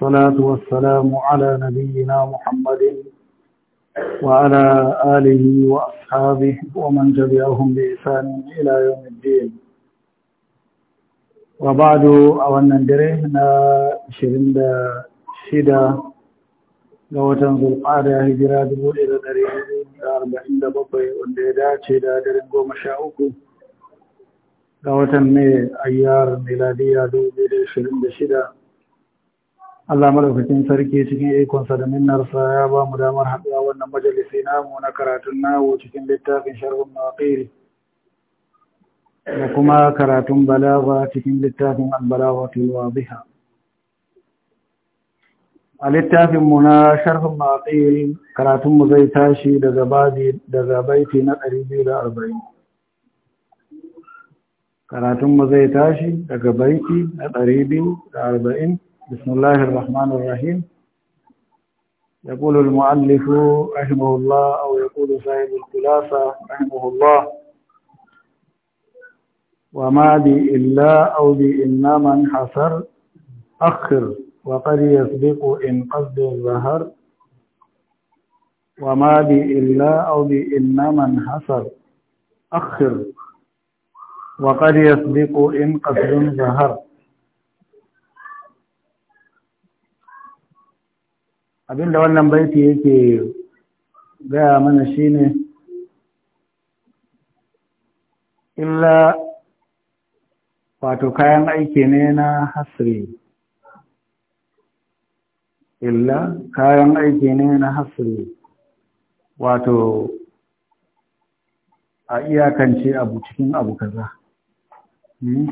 والصلاة والسلام على نبينا محمد وعلى آله وأصحابه ومن جبعهم بإسان إلى يوم الدين وبعد أولا درهنا شرند شدة ga watan hijira dubu ɗaya da ɗari da arba'in da bakwai wanda ya dace da daren goma sha uku ga watan mai ayyar miladiya dubu da ashirin da shida Allah madaukakin sarki cikin ikonsa da minnarsa ya ba mu damar haɗuwa wannan majalisi namu na karatun nawo cikin littafin sharhun mawaqiri da kuma karatun balaga cikin littafin al-balaghatul wadiha a littafin mu na sharhun mawaqiri karatun mu zai tashi daga babi daga baiti na 240 karatun mu zai tashi daga baiti na 240 بسم الله الرحمن الرحيم يقول المؤلف رحمه الله أو يقول صاحب الخلاصة رحمه الله وما بي إلا أو بي إنما حصر أخر وقد يسبق إن قصد الظهر وما بي إلا أو بي إنما حصر أخر وقد يسبق إن قصد ظهر Abin da wannan baiti yake gaya mana shine illa wato kayan aiki ne na hasri illa kayan aiki ne na hasri wato a iyakance abu cikin abu kaza hmm?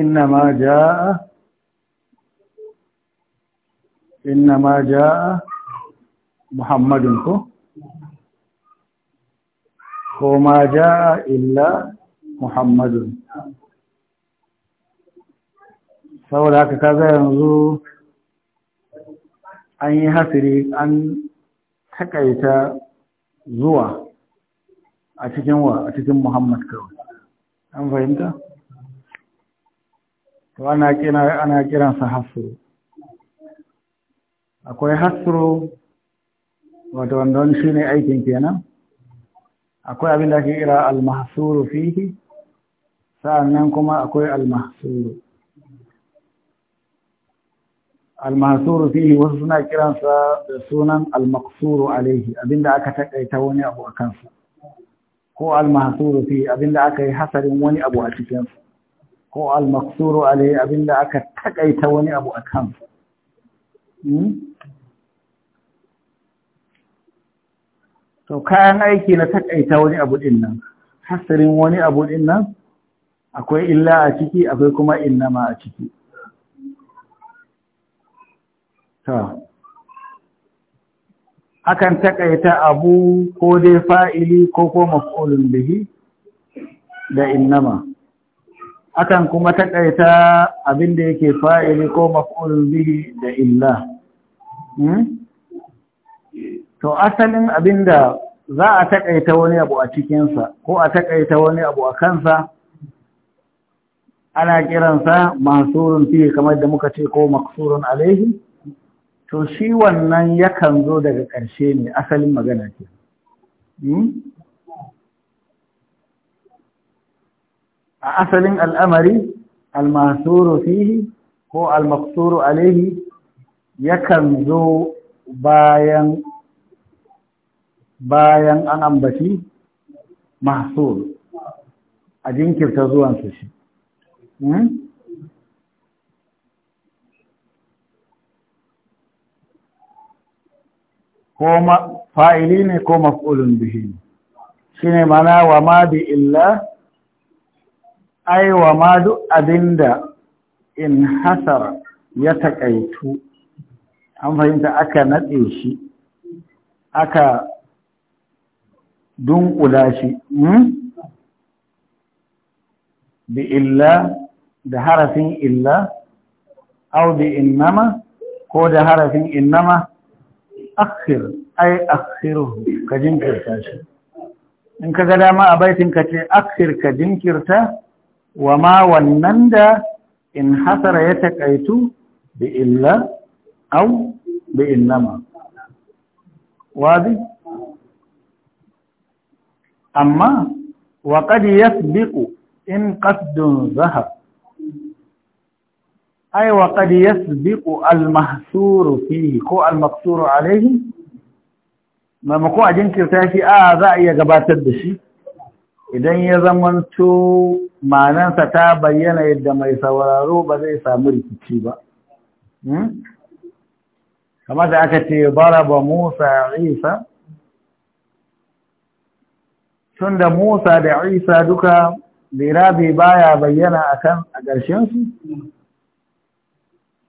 inna ma ja'a innama ja muhammadun ko ma ja illa muhammadun saboda haka kaga yanzu an yi hasiri an taƙaita zuwa a cikin muhammad an fahimta to ana kiransa hasiri akwai hasro wato wanda wani shi ne aikin kenan akwai abin da ake kira almahsuru fihi sa'annan kuma akwai almahsuru almahsuru fihi wasu suna kiransa da sunan almaksuru alaihi abinda aka takaita wani abu a kansa ko almahsuru fihi abinda aka yi hasarin wani abu a cikinsa ko almaksuru alaihi abinda aka takaita wani abu a kansa Hmm? to kayan aiki na takaita wani abu din nan hasirin wani abu din nan akwai illa a ciki akwai kuma innama a ciki ta akan takaita abu ko dai fa'ili ko ko maf'ulun bihi da innama akan kuma takaita abin da yake fa'ili ko maf'ulun bihi da illa Hmm? to asalin abin da za a taƙaita wani abu a cikinsa ko a taƙaita wani abu a kansa ana kiransa masurun fiye kamar da muka ce ko maksurun alaihi to shi wannan yakan zo daga ƙarshe ne asalin magana ce hmm? a asalin al'amari almasuru fihi ko almaksuru alaihi yakan zo bayan bayan an ambaci mahsul a jinkirta zuwansu shi hmm? ko fa'ili ne ko maf'ulun bihi shi ne mana wa ma bi illa ai wa ma duk abinda in hasar ya taƙaitu an fahimta aka natse shi aka dunkula shi hmm? bi illa da harafin illa au bi innama ko da harafin innama akhir ai akhiruhu ka jinkirta shi in ka ga dama a baitin ka ce akhir ka jinkirta wa ma wannan da in hasara ya taƙaitu bi illa au da innama wazi amma wa qad yasbiqu in qasdun zahab ay wa qad yasbiqu al mahsur ko al maqsur alayhi mamako a jinkirta shi a za a iya gabatar da shi idan ya zamanto manansa ta bayyana yadda mai sauraro ba zai samu rikici ba kamar da aka ce baraba Musa Isa tun da Musa da Isa duka lirabi baya bayyana akan a ƙarshen su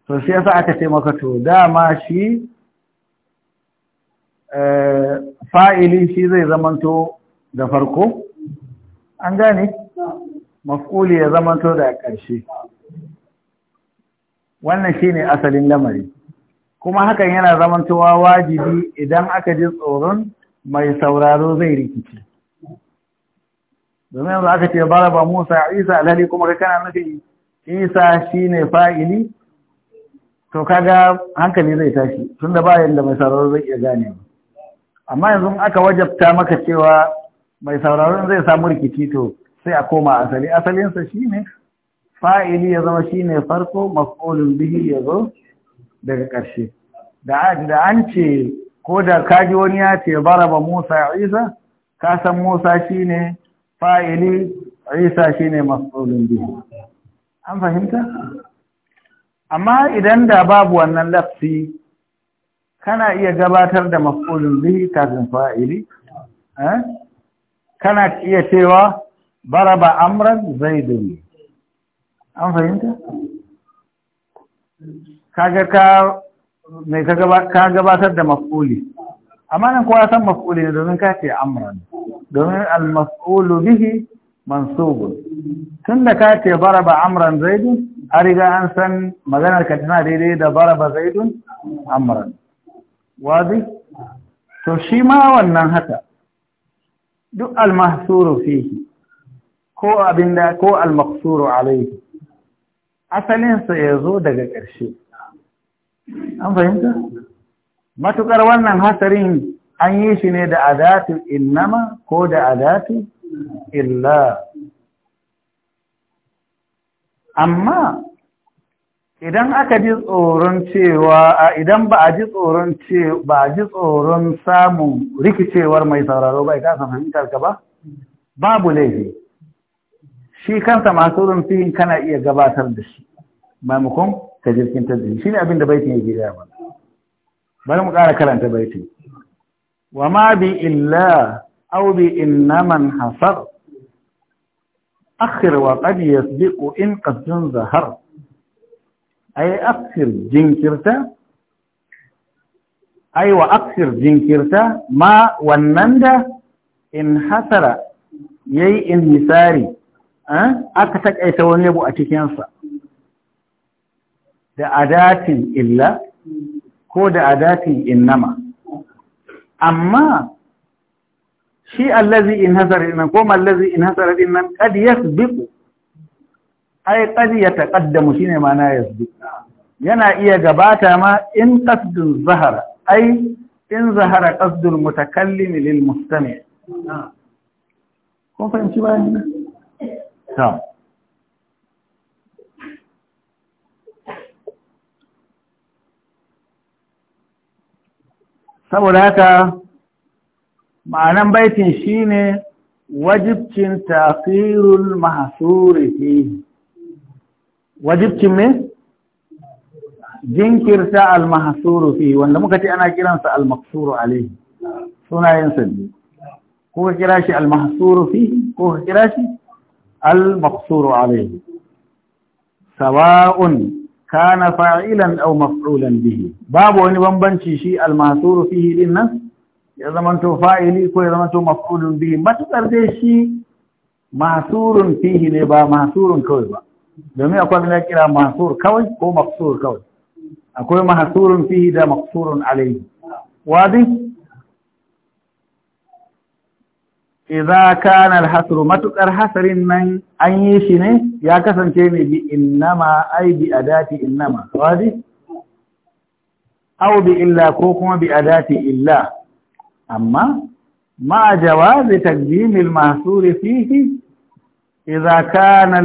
to shi aka ce maka to dama shi eh, fa'ili shi zai zamanto da farko an gane maf'uli ya zamanto da ƙarshe wannan shine asalin lamari kuma hakan yana zamantowa wajibi idan aka ji tsoron mai sauraro zai rikici domin yanzu aka ce baraba musa isa alhali kuma ka kana nufin isa shi ne fa'ili to kaga hankali zai tashi tunda ba yanda mai sauraro zai iya gane amma yanzu aka wajabta maka cewa mai sauraro zai samu rikici to sai a koma asali asalinsa shine fa'ili ya zama shine farko maf'ulun bihi ya zo daga ƙarshe da an ce ko da kaji wani ya ce baraba Musa Isa ka san Musa shi ne fa'ili Isa shi ne mas'ulun biyu an fahimta amma idan da babu wannan lafsi kana iya gabatar da mas'ulun biyu kafin fa'ili eh? kana iya cewa baraba amran dole? an fahimta ka ka gabatar da maf'uli amma nan kowa san maf'uli ne domin ka ce amran domin al-maf'ulu bihi mansubun tunda ka ce baraba amran zaidun a riga an san maganar ka tana daidai da baraba zaidun amran wazi to shi ma wannan haka duk al-mahsuru fihi ko abinda ko al-maqsuru alayhi asalin sa yazo daga ƙarshe an fahimta Matuƙar wannan hasarin an yi shi ne da adatu innama ko da adatu illa amma idan aka ji tsoron cewa idan ba a ji tsoron ce ba a ji tsoron samun rikicewar mai sauraro ba kasa san fahimtar ka ba babu laifi shi kansa masu rumfiyin kana iya gabatar da shi maimakon ka jirkintar da shi ne abin da baitin yake gaya mana bari mu ƙara karanta baitin wa ma bi illa aw bi innaman hasar akhir wa qad yasbiqu in qadun zahar ay akhir jinkirta ay wa akhir jinkirta ma wannan da in hasara yayi in misari eh, aka takaita wani yabo a cikinsa da adatin illa ko da adatin innama amma shi allazi in hasara dinnan ko mallazi in hasara dinnan kad yasbiqu ai kad yataqaddamu shine ma'ana yasbiqu yana iya gabata ma in qasdun zahara ai in zahara qasdul mutakallim lil mustami' Ko fahimci ba ni to saboda haka ma'anan baitin shine wajibcin tafirul mahsuri wajibcin me jinkirta al mahsuru fihi wanda muka ce ana kiransa al maksuru alaihi sunayen sa ne ko ka kira shi al mahsuru fihi ko ka kira shi al maksuru alaihi sawa'un kana fa'ilan aw maf'ulan bihi babu wani bambanci shi almasuru mahsuru fihi nan ya zamanto fa'ili ko ya zamanto maf'ulun bihi matukar dai shi masurun fihi ne ba masurun kawai ba domin akwai wani da kira kawai ko mafsur kawai akwai masurun fihi da masurun alayhi wadi idza kana al-hasr matukar hasarin nan an yi shi ne ya kasance ne bi innama ai bi adati innama wazi aw bi illa ko kuma bi adati illa amma ma jawaz taqdim al-mahsur fihi idza kana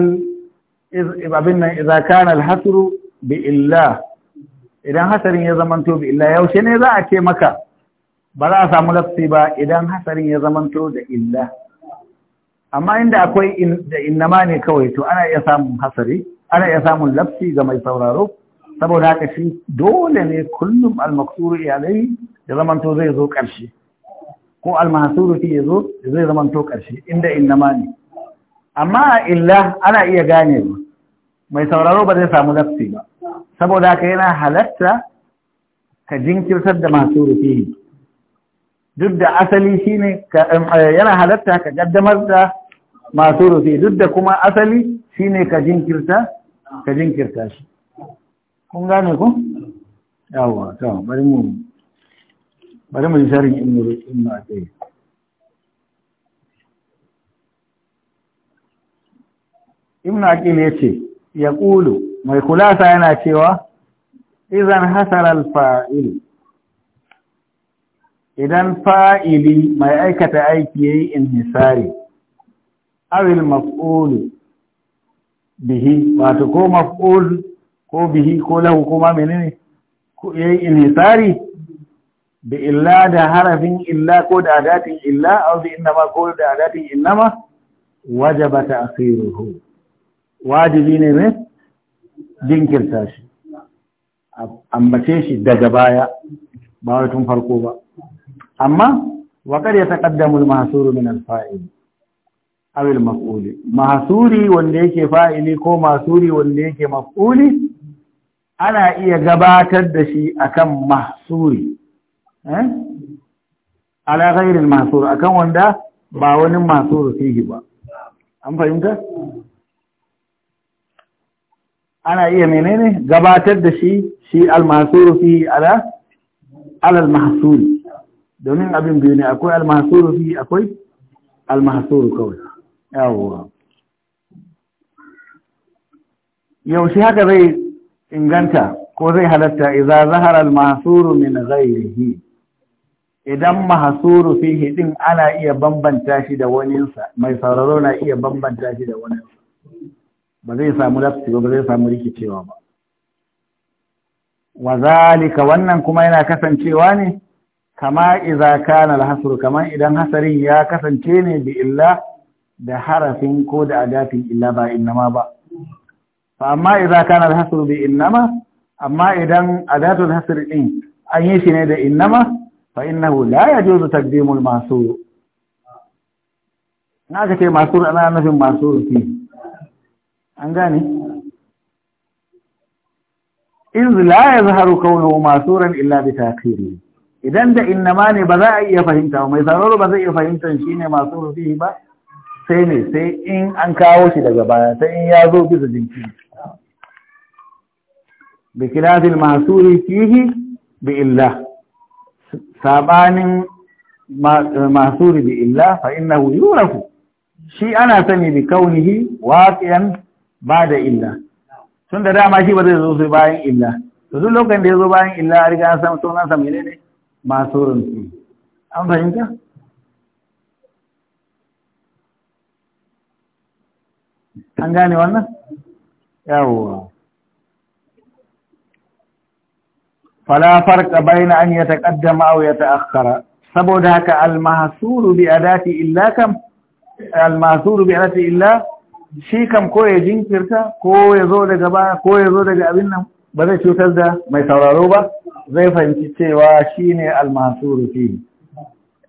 abinna idza kana al-hasr bi illa idan hasarin ya zamanto bi illa yaushe ne za a ce maka ba za a samu lafi ba idan hasarin ya zamanto da illa amma inda akwai da innama ne kawai to ana iya samun hasari ana iya samun lafi ga mai sauraro saboda haka shi dole ne kullum almaksuru iyalai ya zamanto zai zo ƙarshe ko almahasuru fi ya zo zai zamanto karshe inda innama ne amma a illa ana iya gane ba mai sauraro ba zai samu lafi ba saboda haka yana halatta ka jinkirtar da masu rufi duk da asali shi ne eh, yana halatta ka gaddamar da masu rufe duk da kuma asali shi ne ka jinkirta shi kun gane ku yawa to bari mu bari mu sharin ibnu na ƙi ne ce ya ƙulu mai kulasa yana cewa izan hasar al idan fa'ili mai aikata aiki ya yi inhisari, awil maf'ul bihi, wato ko maf'ul ko bihi ko lahu kuma menene ya yi inhisari, bi illa da harafin illa ko da adatin illa, au bi ma ko da adatin Waje wajaba ta Wajibi ne ne? Jinkirta shi, ambace shi daga baya, ba tun farko ba. amma waƙar ya yataqaddamu al-mahsuru min alfa’ili, fail aw al-maf'ul wanda yake fa'ili ko mahsuri wanda yake maf'uli ana iya gabatar da shi akan mahsuri eh ala ghairi al a akan wanda ba wani mahsuru fihi ba an fahimta ana iya menene gabatar da shi shi al fi fihi ala alal al-mahsuri domin abin biyu ne akwai almasuru fi akwai almasuru kawai yawwa yaushe haka zai inganta ko zai halatta iza zahar almahsuru min ghairihi idan mahsuru fi hidin ana iya bambanta shi da waninsa mai sauraro na iya bambanta shi da waninsa ba zai samu lafsi ba zai samu rikicewa ba wa zalika wannan kuma yana kasancewa ne kama iza kana al kamar idan hasarin ya kasance ne bi illa da harafin ko da adafin illa ba innama ba fa amma iza kana al bi innama amma idan adatu alhasr din an yi shi ne da innama fa innahu la yajuzu taqdimu masur na ga ce masur ana nufin masur fi an gane in la yazharu kaunuhu masuran illa bi taqdiri idan da innama ne ba za a iya fahimta mai sauraro ba zai iya fahimtar shi ne masu rufi ba sai ne sai in an kawo shi daga baya sai in ya zo bisa jinki bi kilafil masuri fihi bi illa sabanin masuri bi illa fa innahu yurafu shi ana sani bi kaunihi waqiyan ba da illa tun da dama shi ba zai zo sai bayan illa to duk lokacin da ya zo bayan illa a riga an san sunan sa menene ne masurun fi an fahimta an gane wannan yawwa fala farqa baina an yataqaddama aw yata'akhkhara saboda haka almasuru mahsuru bi adati illa kam almasuru mahsuru bi adati illa shi kam ko ya jinkirta ko ya zo daga ba ko ya zo daga abin nan ba zai cutar da mai sauraro ba zai fahimci cewa shi ne almasuru fi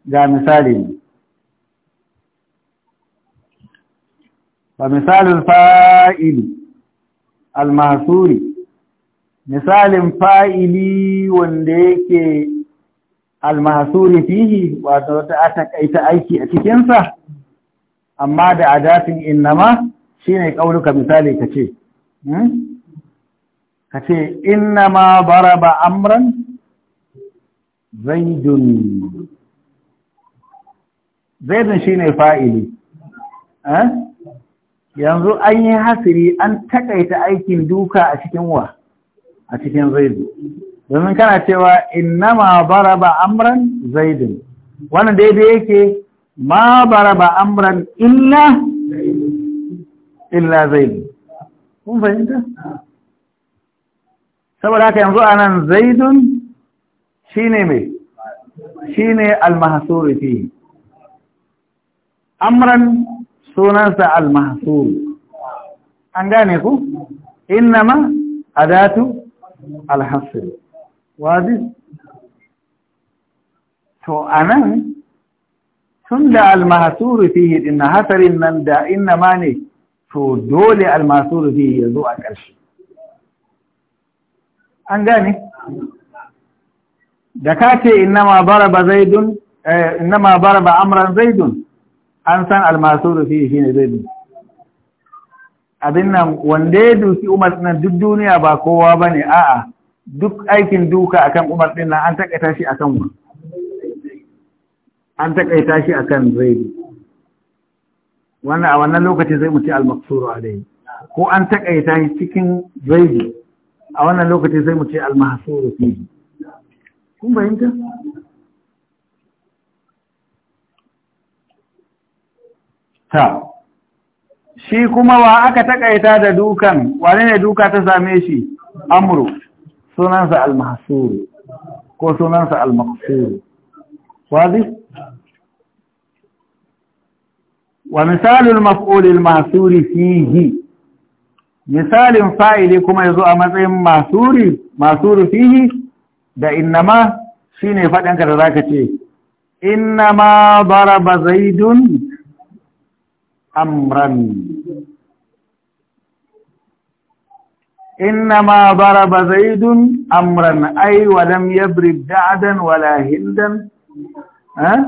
ga misali ba misalin fa'ili almasuri misalin fa'ili wanda yake almasuri fihi wato wata kaita aiki a cikinsa amma da adatin innama ne ƙaunuka misali ka hmm? ka ce inna ma baraba amran zaidun zaidun shi ne fa'ili eh? yanzu an yi hasiri an takaita aikin duka a cikin wa a cikin zaidu domin kana cewa inna ma baraba amran zaidun wannan daidai yake ma baraba amran illa illa zaidun kun fahimta? saboda haka yanzu anan zaidun shine mai shine al-mahsur fi amran sunansa al-mahsur an gane ku innama adatu al-hasr wadi to anan tunda al-mahsur fihi inna hasarin nan da inna ma ne to dole al-mahsur fihi yazo a ƙarshe an gane da ka ce innama baraba zaidun eh, innama baraba zaidun an san almasuru fi shine zaidun abin nan wanda ya dusi umar na duk duniya ba kowa ba ne? a'a duk aikin duka akan umar din nan an takaita shi akan wa an takaita shi akan zaidu wannan a wannan lokacin zai mutu al-maqsuru alayhi ko an takaita shi cikin zaidu a wannan lokacin sai mu ce almahsuru fihi kun bayanta? ta shi kuma wa aka takaita da dukan wane ne duka ta same shi amru sunansa almahsuru ko sunansa almahsuru wazi wa misalul maf'ulil masuri fihi misalin fa'ili kuma yazo a matsayin masuri masuri da innama shine faɗin ka da zaka ce innama daraba zaidun amran إنما ضرب زيد أمرا أي ولم يضرب دعدا ولا هندا أه؟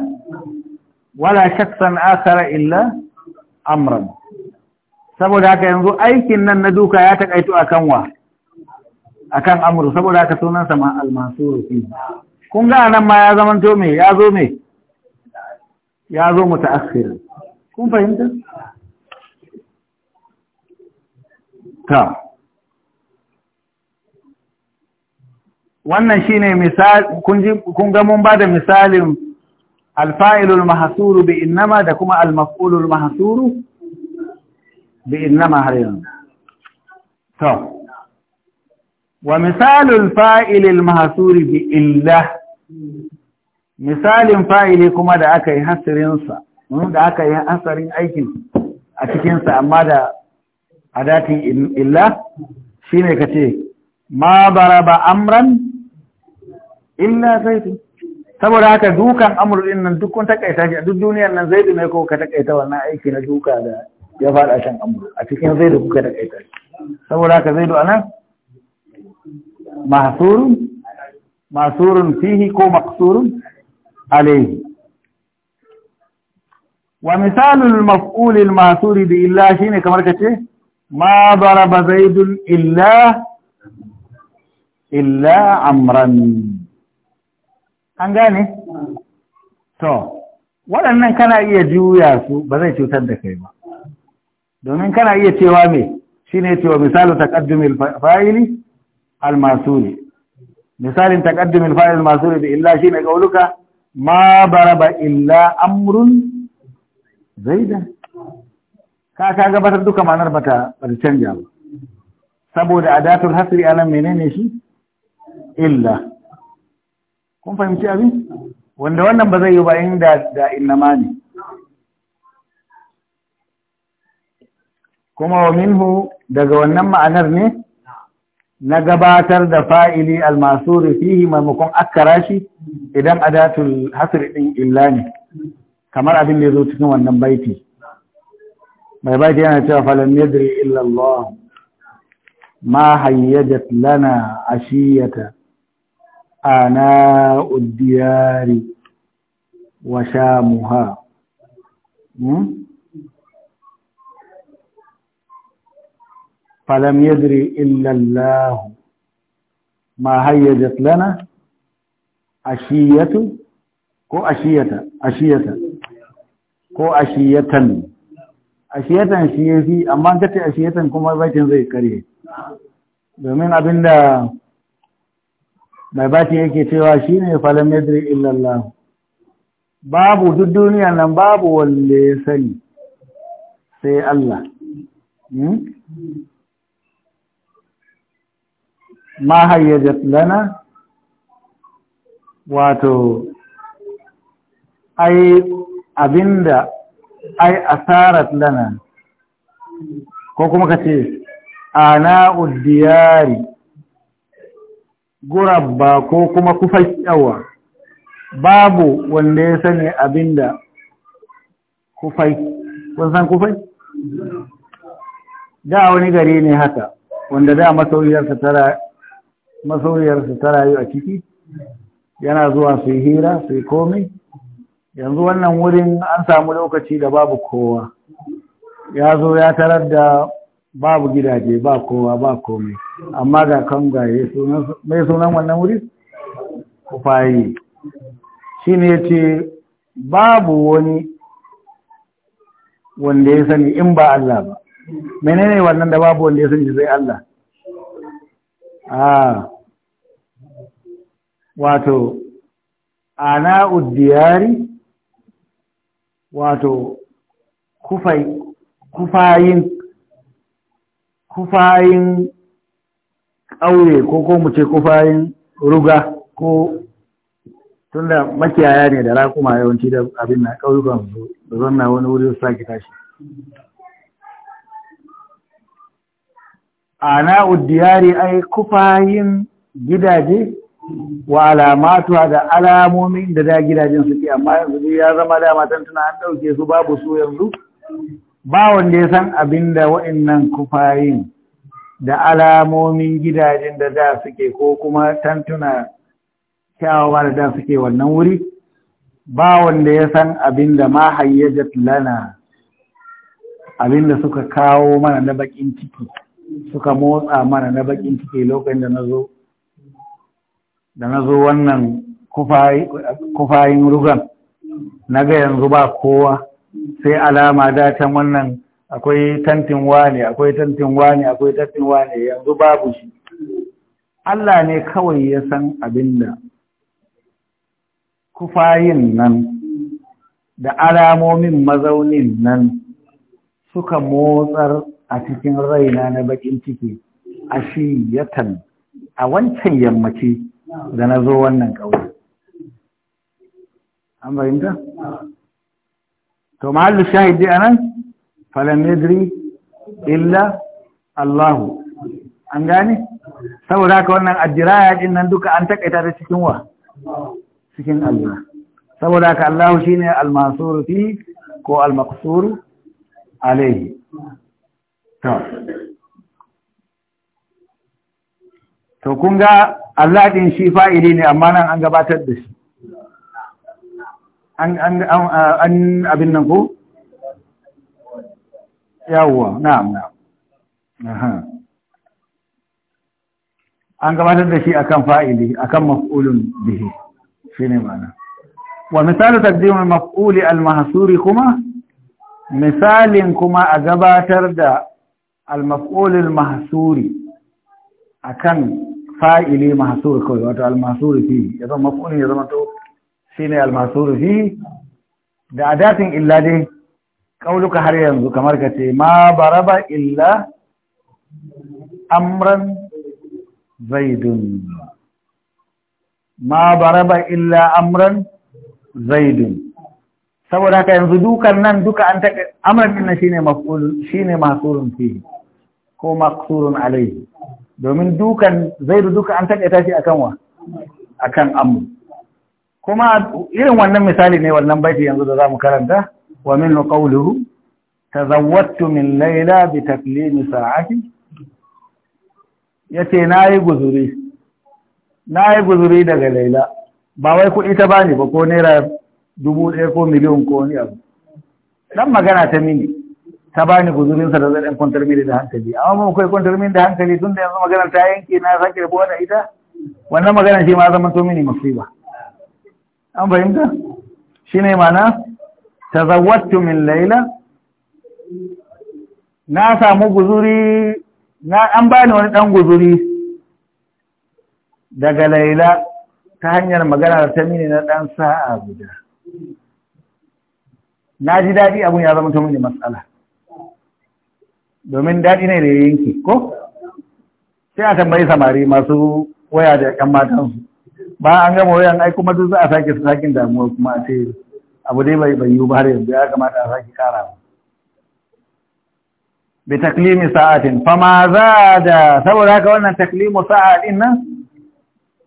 ولا شخصا آخر illa amran. saboda haka yanzu aikin nan na duka ya taƙaito a kanwa a kan amur saboda haka sunansa ma almansuru fi kun ga nan ma ya zamanto me ya zo me ya zo mu ta'akhir kun fahimta ta wannan shine misal kun ji kun ga mun bada misalin alfa'ilul mahsuru bi innama da kuma almaf'ulul mahsuru bi innama har yanzu to wa misalul fa'ilin mahsuri bi illa misalin fa'ili kuma da aka yi hasirinsa da aka yi hasarin aikin a cikinsa amma da adatin illa shi ne ka ma bara ba amran illa zaitu saboda haka dukan amurin nan dukkan takaita shi a duk duniyar nan zai ne ko ka takaita wannan aiki na duka da ya faɗa shan amuru a cikin zai da kuka da kai kai saboda haka zai zaidu anan mahsurun mahsurun fihi ko maqsurun alayhi wa misalul maf'ul al mahsur bi illa shine kamar kace ma daraba zaidun illa illa amran an gane to waɗannan kana iya juya su ba zai cutar da kai ba domin kana iya cewa me shine cewa misalu takaddumin fa'ili almasuri misalin takaddumin fa’ili almasuri da illa illa ne qauluka ma bara ba illa amrun zaida ka ka gabatar duka manar bata bata canja ba saboda adatul hasri anan menene shi illa kun fahimci abin wanda wannan ba zai yi ba inda da innama ne kuma wa minhu daga wannan ma'anar ne na gabatar da fa'ili almasu fihi maimakon akkara shi idan adatul hasri ɗin illa ne kamar abin da ya zo cikin wannan baiti mai baiti yana cewa falon yadri illa ma hayyajat lana ashiyata ana uddiyari wa sha muha. Hmm? فلم يدري إلا الله ما هيجت لنا أشية كو أشية أشية كو أشية أشية أشية في أما أنت عشية كما بيتن زي كريه domin abinda mai baki yake cewa shine falam yadri babu duk duniya nan babu wanda ya sani sai Allah ma hayyajat lana wato ai abinda ai asarat lana ko kuma ka kace ana uddiyari gurabba ko kuma kufayyawa babu wanda ya sani abinda kufai kun san kufai da wani gari ne haka wanda da masauyarsa tara masoyiyarsu ta rayu a ciki yana zuwa su yi hira su yi komai yanzu wannan wurin an samu lokaci da babu kowa ya zo ya tarar da babu gidaje ba kowa ba komai amma ga ga mai sunan wannan wuri kufayi shi ne ce babu wani wanda ya sani in ba Allah ba menene wannan da babu wanda ya sani sai Allah ah wato ana uddiyari wato kufayin kufayin ƙauye ko ko mu ce kufayin ruga ko tunda makiyaya ne da rakuma yawanci da abin na ƙauyukan su da zanna wani wuri su sake tashi ana uddiyari ai kufayin gidaje wa alamatu da alamomin da da gidajen suke amma yanzu ya zama da matan tana an ɗauke su babu su yanzu ba wanda ya san abin da wa'annan kufayin da alamomin gidajen da da suke ko kuma tantuna kyawawa da da suke wannan wuri ba wanda ya san abin da ma hayyajat lana abin da suka kawo mana na bakin ciki suka motsa mana na bakin ciki lokacin da na zo da na zo wannan kufayin rugan na ga yanzu ba kowa sai alama datan wannan akwai tantin wane akwai tantin wane akwai tantin wane yanzu babu shi Allah ne kawai ya san abin da kufayin nan da alamomin mazaunin nan suka motsar a cikin raina na bakin ciki a shi yatan a wancan yammaci da na zo wannan ƙauye an fahimta? to mahallu shahidi a nan falamidri illa allahu an gane? saboda haka wannan ajiraya din nan duka an takaita ta cikin wa cikin allah saboda haka allahu shine almasuru fi ko al almaqsuru alaihi to to kun ga Allah ɗin shi fa'ili ne amma nan an gabatar da shi an an an abin nan ku? yawwa na'am na'am an gabatar da shi akan fa'ili akan maf'ulun bihi shine ma'ana wa misali taqdim al-maf'uli al-mahsuri kuma misalin kuma a gabatar da al-maf'ul mahasuri akan fa'ili masu kawai wato al-mahsur fi ya zama kuni ya zama to shine ne mahsur fi da adatin illa dai ƙauluka har yanzu kamar ka ce ma baraba illa amran zaidun ma baraba illa amran zaidun saboda haka yanzu dukan nan duka an taƙa amran ina shine ne masu fi ko masu alayhi domin dukan zai duka an taƙaita shi akan wa akan amu kuma irin wannan misali ne wannan baiti yanzu da zamu karanta wa min qawluhu tazawwattu min layla bi taklimi sa'ati yace nayi guzuri nayi guzuri daga Laila. ba wai kuɗi ta bani ba ko naira dubu ɗaya ko miliyan ko ni abu dan magana ta mini ta bani guzurin sa da zan ɗan kwantar mini da hankali amma mun kai kwantar mini da hankali tun da yanzu maganar ta yanke na sake rabuwa da ita wannan maganar shi ma zama to mini musiba an fahimta shine ma'ana tazawwattu min laila na samu guzuri na an bani wani ɗan guzuri daga laila ta hanyar magana da ta mini na dan sa'a guda na ji daɗi abun ya zama to mini matsala domin daɗi ne da ya yanki ko sai a tambayi samari masu waya da ƴan matansu ba an gama wayan ai kuma duk za a sake su sakin damuwa kuma a ce abu dai bai yiwu ba har yanzu ya kamata a sake ba bi taklimi sa'atin ma za da saboda haka wannan taklimu sa'a nan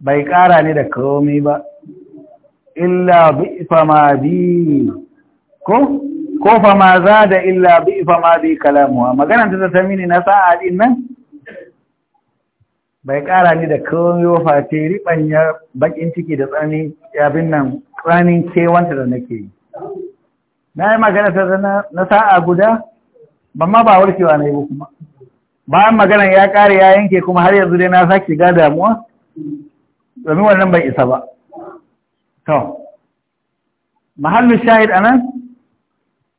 bai kara ne da komai ba illa bi fama bi ko ko fa ma za da illa bi fa ma bi kalamuwa magana ta tafi mini na sa'a din nan bai kara ni da komai wa face ribanya bakin ciki da tsani abin nan tsanin kewanta da nake yi na yi magana ta na sa'a guda ban ma ba warkewa na yi kuma bayan magana ya kare ya yanke kuma har yanzu dai na sake ga damuwa domin wannan bai isa ba to mahallin shahid anan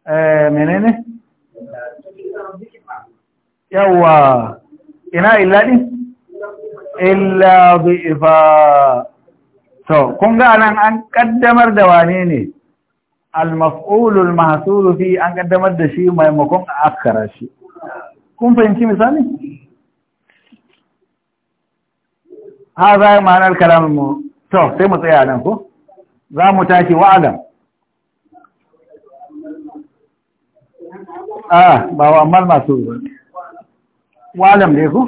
Eh, menene yawa ina illadi illa ifa. to kun ga nan an kaddamar da wane ne al-maf'ulul mahsulu fi an kaddamar da shi maimakon a akara shi kun fahimci misali ha za ma'anar kalamin mu to sai mu tsaya nan ko za mu tashi wa'alam Ah, ba wa ammal masu walam ne ku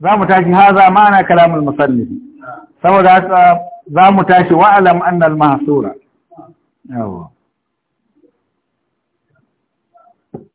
za mu tashi haza ma'ana kalamul musallifi saboda za mu tashi wa'alam annal mahsura Yawon.